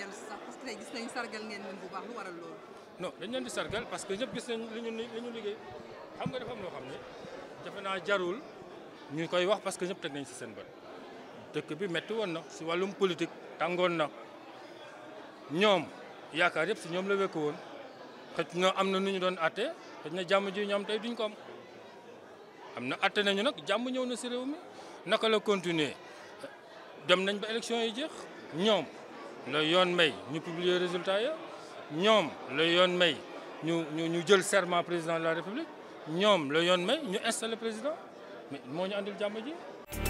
dellu dañ leen di sargal parce que ñëpp gis nañ li ñu li ñu liggéey xam nga dafa loo xam ne defe naa jarul ñu koy wax parce que ñëpp teg nañ si seen bët dëkk bi métti woon na si wàllum politique tàngoon na ñoom yaakaar yëpp si ñoom la wekk woon xëj na am na nu ñu doon atte xëj na jàmm ji ñu am tey duñ ko am na atte nañu nag jàmm ñëw na si réew mi naka la continuer dem nañ ba élection yi jeex ñoom. le Yon may nous publier résultat résultats. Nous le Yon may ñu nous le serment président de la république le le Yon may ñu le président mais la ñu